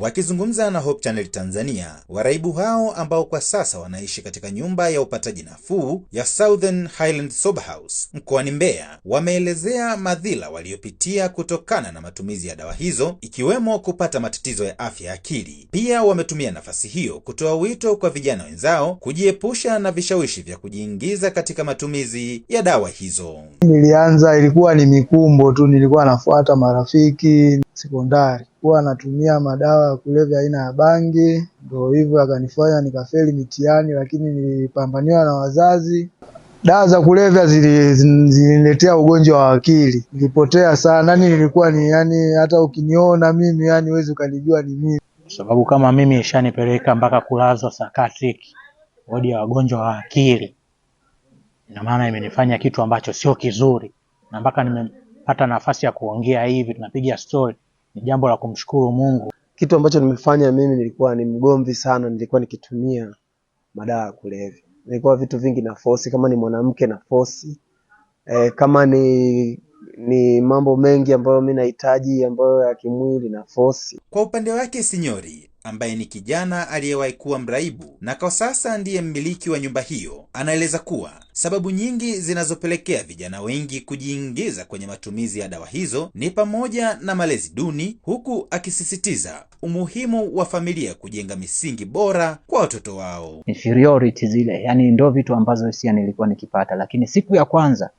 Wakizungumza na Hope Channel Tanzania, waraibu hao ambao kwa sasa wanaishi katika nyumba ya upataji nafuu ya Southern Highland Sober House mkoani Mbeya, wameelezea madhila waliopitia kutokana na matumizi ya dawa hizo, ikiwemo kupata matatizo ya afya ya akili. Pia wametumia nafasi hiyo kutoa wito kwa vijana wenzao kujiepusha na vishawishi vya kujiingiza katika matumizi ya dawa hizo. Nilianza ilikuwa ni mikumbo tu, nilikuwa nafuata marafiki sekondari huwa natumia madawa ya kulevya aina ya bangi, ndo hivyo akanifanya nikafeli mitihani, lakini nilipambaniwa na wazazi. Dawa za kulevya ziliniletea ugonjwa wa akili, nilipotea sana, nani nilikuwa ni yani, hata ukiniona mimi yani huwezi ukanijua ni mimi, sababu kama mimi ishanipeleka mpaka kulazwa sakatiki wodi ya wagonjwa wa akili, ina maana imenifanya kitu ambacho sio kizuri, na mpaka nimepata nafasi ya kuongea hivi, tunapiga story ni jambo la kumshukuru Mungu. Kitu ambacho nimefanya mimi, nilikuwa ni mgomvi sana, nilikuwa nikitumia madawa ya kulevya, nilikuwa vitu vingi na fosi, kama ni mwanamke na fosi e, kama ni ni mambo mengi ambayo mimi nahitaji ambayo ya kimwili na fosi Kwa upande wake Sinyori ambaye ni kijana aliyewahi kuwa mraibu na kwa sasa ndiye mmiliki wa nyumba hiyo, anaeleza kuwa sababu nyingi zinazopelekea vijana wengi kujiingiza kwenye matumizi ya dawa hizo ni pamoja na malezi duni, huku akisisitiza umuhimu wa familia kujenga misingi bora kwa watoto wao. Inferiority zile, yani ndo vitu ambazo sia nilikuwa nikipata, lakini siku ya kwanza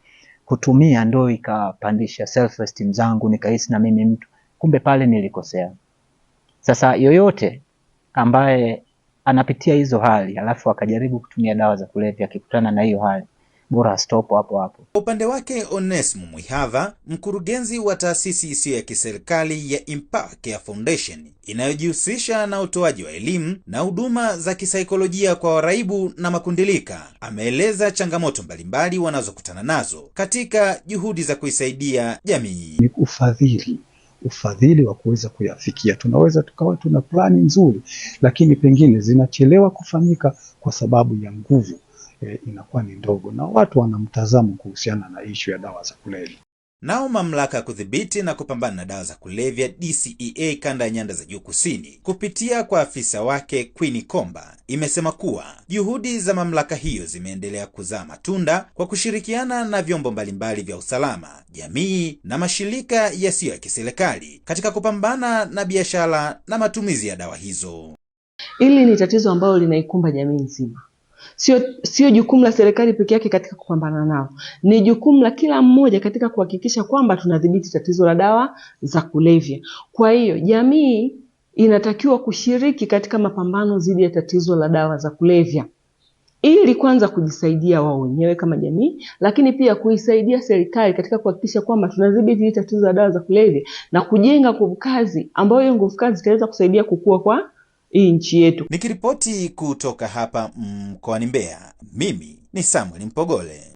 kutumia ndo ikapandisha self esteem zangu, nikahisi na mimi mtu, kumbe pale nilikosea. Sasa yoyote ambaye anapitia hizo hali alafu akajaribu kutumia dawa za kulevya akikutana na hiyo hali bora stop hapo hapo. Kwa upande wake Onesmo mwihava mkurugenzi wa taasisi isiyo ya kiserikali ya Impact Care Foundation inayojihusisha na utoaji wa elimu na huduma za kisaikolojia kwa waraibu na makundilika, ameeleza changamoto mbalimbali wanazokutana nazo katika juhudi za kuisaidia jamii. Ni ufadhili ufadhili wa kuweza kuyafikia. Tunaweza tukawa tuna plani nzuri, lakini pengine zinachelewa kufanyika kwa sababu ya nguvu e, inakuwa ni ndogo na watu wana mtazamo kuhusiana na ishu ya dawa za kulevya. Nao mamlaka ya kudhibiti na kupambana na dawa za kulevya DCEA kanda ya nyanda za juu kusini kupitia kwa afisa wake Queen Komba imesema kuwa juhudi za mamlaka hiyo zimeendelea kuzaa matunda kwa kushirikiana na vyombo mbalimbali vya usalama, jamii na mashirika yasiyo ya kiserikali katika kupambana na biashara na matumizi ya dawa hizo. Hili ni tatizo ambalo linaikumba jamii nzima Sio sio jukumu la serikali peke yake katika kupambana nao, ni jukumu la kila mmoja katika kuhakikisha kwamba tunadhibiti tatizo la dawa za kulevya. Kwa hiyo jamii inatakiwa kushiriki katika mapambano dhidi ya tatizo la dawa za kulevya ili kwanza kujisaidia wao wenyewe kama jamii, lakini pia kuisaidia serikali katika kuhakikisha kwamba tunadhibiti tatizo la dawa za kulevya na kujenga nguvu kazi ambayo hiyo nguvu kazi itaweza kusaidia kukua kwa hii nchi yetu. Nikiripoti kutoka hapa mkoani Mbeya, mimi ni Samuel Mpogole.